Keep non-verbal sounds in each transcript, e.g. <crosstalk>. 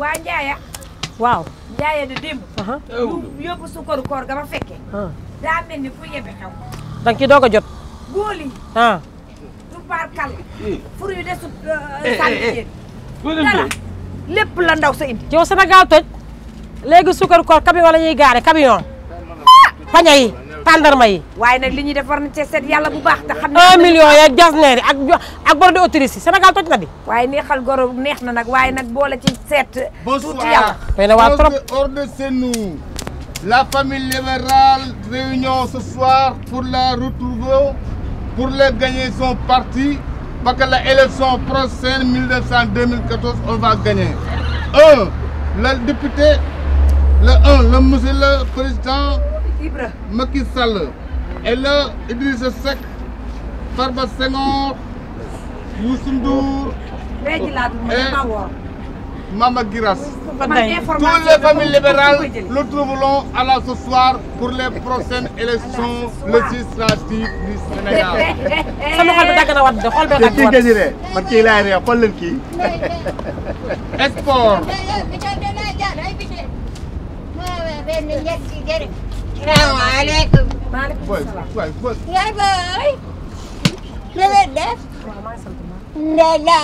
waa Ndiaye. waaw Ndiaye de démb. yóbbu sukaru koor ga ma fekke daa mel ni yebe xew. da nga ciy doog a jot. góoli. ah. du paar kàll. Eh. furu yu desut eh, euh, eh, sànni dara lépp la ndaw sa indi. yow Sénégal toj léegi sukaru koor camion la ñuy gaare camion. Ah! paña yi. tàndarma yi. waaye nag li ñuy def war na cee seet yàlla bu baax te xam. ne 1 million ya jasneer yi ak ak bordeaux autrice Sénégal toj na di. waaye neexal goro neex na nag waaye nag boole ci seet. tuuti yàlla doy na waa trop ordonnez-nous la famille libérale réunion ce soir pour la retrouver pour la gagner son parti parce la élection prochaine 1900 2014 on va gagner un le député le un le monsieur président. Ibra Macky Sall et là Idrissa Seck Farba Senghor Youssou Ndour et Mama Giras tous les familles libérales nous trouverons à la ce soir pour les prochaines élections législatives du Sénégal sama xol bi dagg na waat de xol bi kii gagné man kii laay ree xool leen kii sport salaamaaleykum. maaleykum salaam. yaay booy. na nga def. waaw maa ngi sant maa. Ndada.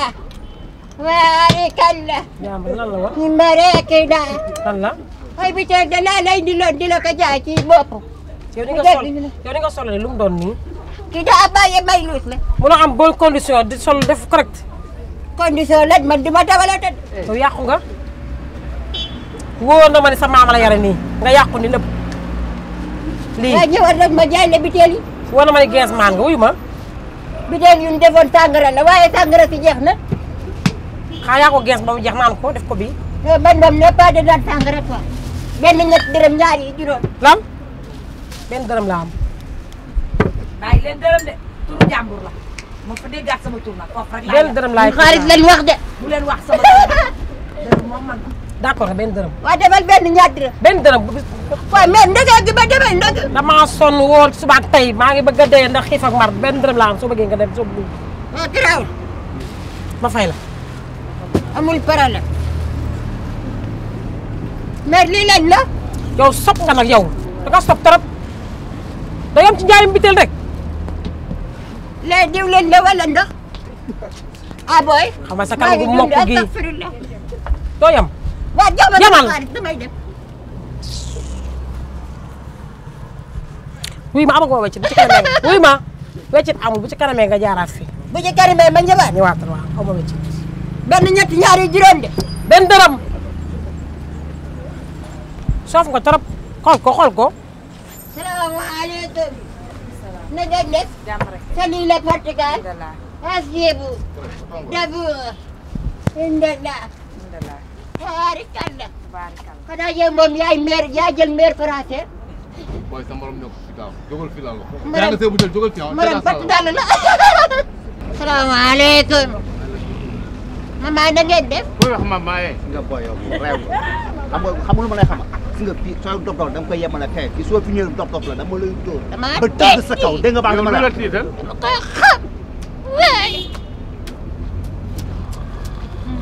waaye kan la. yaa ma lan la ay di la ko jaay ci bopp. yow di nga sol yow di nga mu doon nii. kii daa bàyyi bay la. munoo am bonne condition di sol def correct. condition laaj di ma dawala tëdd. yow yàqu nga. wóor na ma ne sa maama la nii nga yàqu ni lépp. lii waaye ñëwal rek ma jaay la biteel yi. war na may gees maan nga wuyu ma. biteel yu ñu defoon tàngara la waaye tàngara si jeex na. xaa yaa ko gees ba mu jeex naan ko def ko bii. ban eh, moom ne pas de daan tàngara quoi. benn ñett dërëm ñaar yi juróom. lan benn dërëm la am. bàyyi leen dërëm de turu jàmbur la. ma sama tur nag foofu rek. benn dërëm laay xaarit leen wax <laughs> de. d'accord ben dërëm. waaw defal benn ñaar dërëm. benn dërëm. damaa sonn woon suba tey maa ngi bëgg a dee ndax xiif ak mar benn dërëm laa am soo bëggee nga dem soo bëggee. waaw ah, gërëm. ma fay la. amul problème. mais lii lañ la. yow sopp nga nag trop da yam ci njaayum biteel rek. léegi diw wala ndox. ah booy. xam nga sa kanam gu waaw jamal damay dem. wuy ma amaguma wëccit bu ci kanamee wuy ma bu ci kanamee nga jaaraat fi bu ci kanamee ma ñëwaat. ñëwaat waaw aw ma wëccit. benn ñetti ñaari juróom de. benn dërëm. soof nga trop xool ko xool ko. salaamaaleykum. na ngeen def. jàmm rek salut tabaarikàlla. tabaarikàlla xanaa yow moom yaay maire yaa jël maire français. booy sa morom ñëw fi daaw jógal fi laal la. maanaam yaa ngi bu jël jógal fi waaw. maanaam bàtt dàll la. <laughs> salaamaaleykum. maman na ngeen def. kuy wax maman yee. Eh? nga booy yow réew mi xam nga xamul lu ma lay xamal. si nga fii sooy dof dof da nga koy yemale xeex gi soo fi ñëwee dof dof la dama lay dóor. dama tëdd sa kaw dégg nga baax na ma la. yow lu la tiital. dama koy xam waay.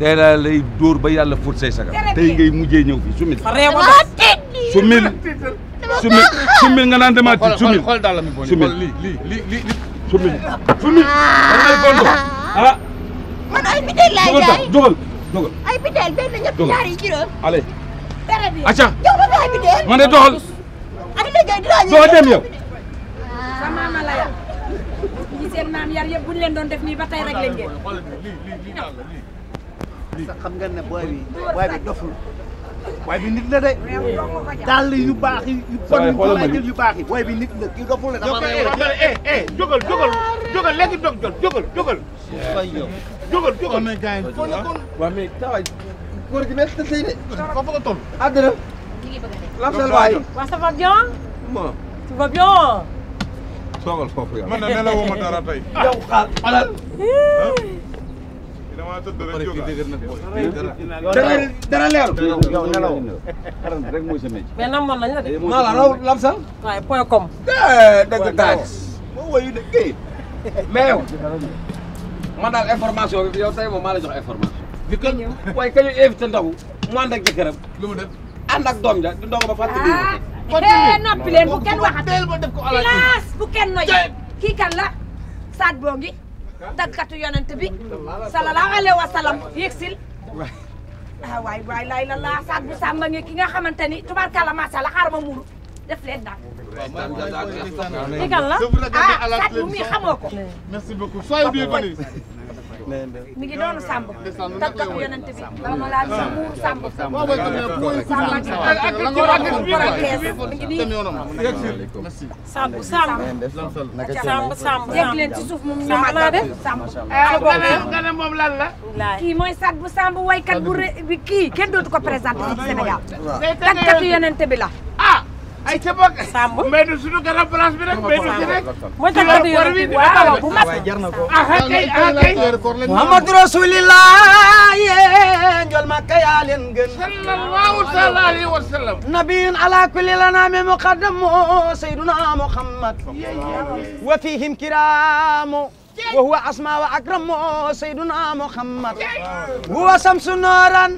tey laa lay dóor ba yàlla fóot say sagar te ngay mujjee ñëw fii sumil sumil sumil nga naan dama tiit sumil xool daal la mi bon sumil lii lii sumil sumil da ngay bondo ah, ah. ay biteel ma ay biteel man de doxal ak ah, liggéey ah. la yar leen doon def nii public. xam nga ne booy bi booy bi doful. booy bi nit la de. dàll yu baax yi yu bon yu ko laajal yu baax yi. booy bi nit la kii doful la dama lay wax. jógal jógal jógal léegi dog jot jógal jógal. jógal jógal. waaw mais tawaay góor gi nekk tëj de. foofu nga toll. àddina. lamsal waay. waaw ça va bien. bon. ça va bien. soogal foofu yàlla. man de nelawuma dara tey. yow xaal alal. dara dara leer. yow nelaw rek mooy sa métier. mais nan man lañ la raw lamsal. waaye point com. dëgg taaj. moo woyu de kii mais maa la jox information. di ko waaye kañu mu ànd ak jëkkëram. doom ja di ndox ba fàttali. continué noppi leen bu kenn waxat. bu kenn noyyi kii kan la Saad Bogi. daggatu yonent bi sallallahu alayhi wa sallam yëgsil ah waay waay laay la laa saat bu sàmm ngi ki nga xamante ni tubarkalla macha allah a ma muuru def leen daal. a la ah saat bu muy xamoo ko. merci beaucoup soyez bienvenue mi ngi doon sàmb taggab yonent bi dama laal si muur sàmb sàmb sàmb sàmb yegg leen ci suuf moom ñu màgg def sàmb nga ne moom lan la kii mooy sag bu sàmb waykat bu kii kenn dootu ko an ci Sénégal taggatu bi la ay ca boog. Samb mbéyum suñu garab place bi rek mbéyum si rek. mooy tax a déglu waaw bu mat. waaye jar na ko ah kay ah kay. Muhammadu Rasulillah yee njol ma ka yaa leen gën. sallallahu taala alayhi wa sallam. nabiyun ala kulli lanaami muqaddamu sayyiduna Muhammad. wa fihim kiraamu. wa huwa asma wa akramu sayyiduna Muhammad. huwa samsu nooran.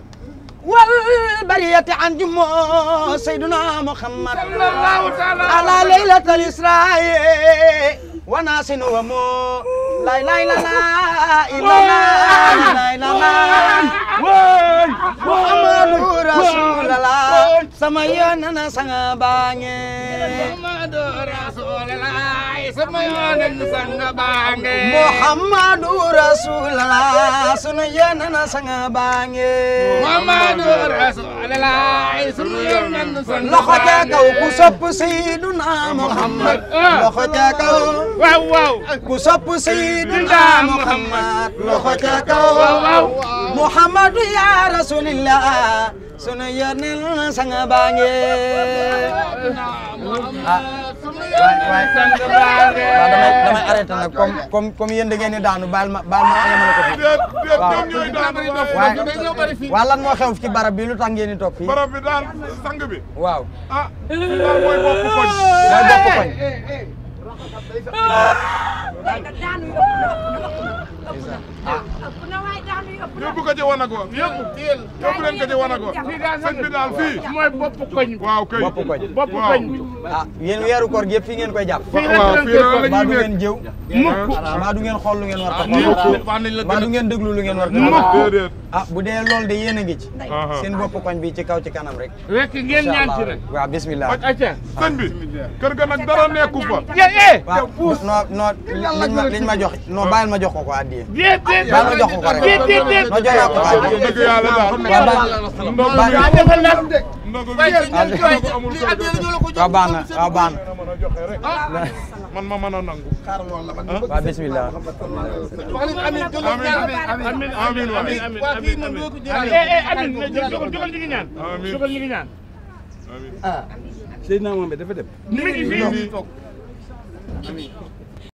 والبرية عن جمه سيدنا محمد صلى الله تعالى على ليلة الإسراء وناس ومو لا لا لا لا لا لا محمد رسول الله سما يوننا سنباني محمد رسول الله sama loxo ca kaw ku sopp sayyiduna muhammad ah. loxo ca kaw muhammad ya rasulallah sunu yonel sanga baange ah. ah damay damay arrêté nag comme comme comme yéen da ngeen di daanu baal ma baal ma yemale waaw waaw lan xew ci barab bi lu tax ngeen di toog barab bi daal sang bi waaw ah, Ah. Ah, yóbbu ko ci wanag wa yóbbu ko ci wanag wa sëñ bi daal fii mooy bopp koñ waaw kay ah, koor gi yëpp ngeen koy jàpp mbaa du ngeen jëw mukk mbaa du ngeen xool lu ngeen war a xool mbaa du ngeen déglu lu ngeen war a xool ah bu dee loolu de yéen a ngi ci seen bopp koñ bi ci kaw ci kanam rek rek ngeen ñaan ci rek waaw bismillah aca sëñ bi kër ga nag dara nekku fa waaw non ma jox non bàyyil ma jox ko ko addi déet déet déet ma jox ko ko rek déet déet déet ma jox ko ko rek dëgg yàlla daal ndogu bi waaw defal nag waaw baax na waaw baax na man ma mën a nangu waaw bismillah amin amin amin amin amin amin ah Seydina Mohamed dafa dem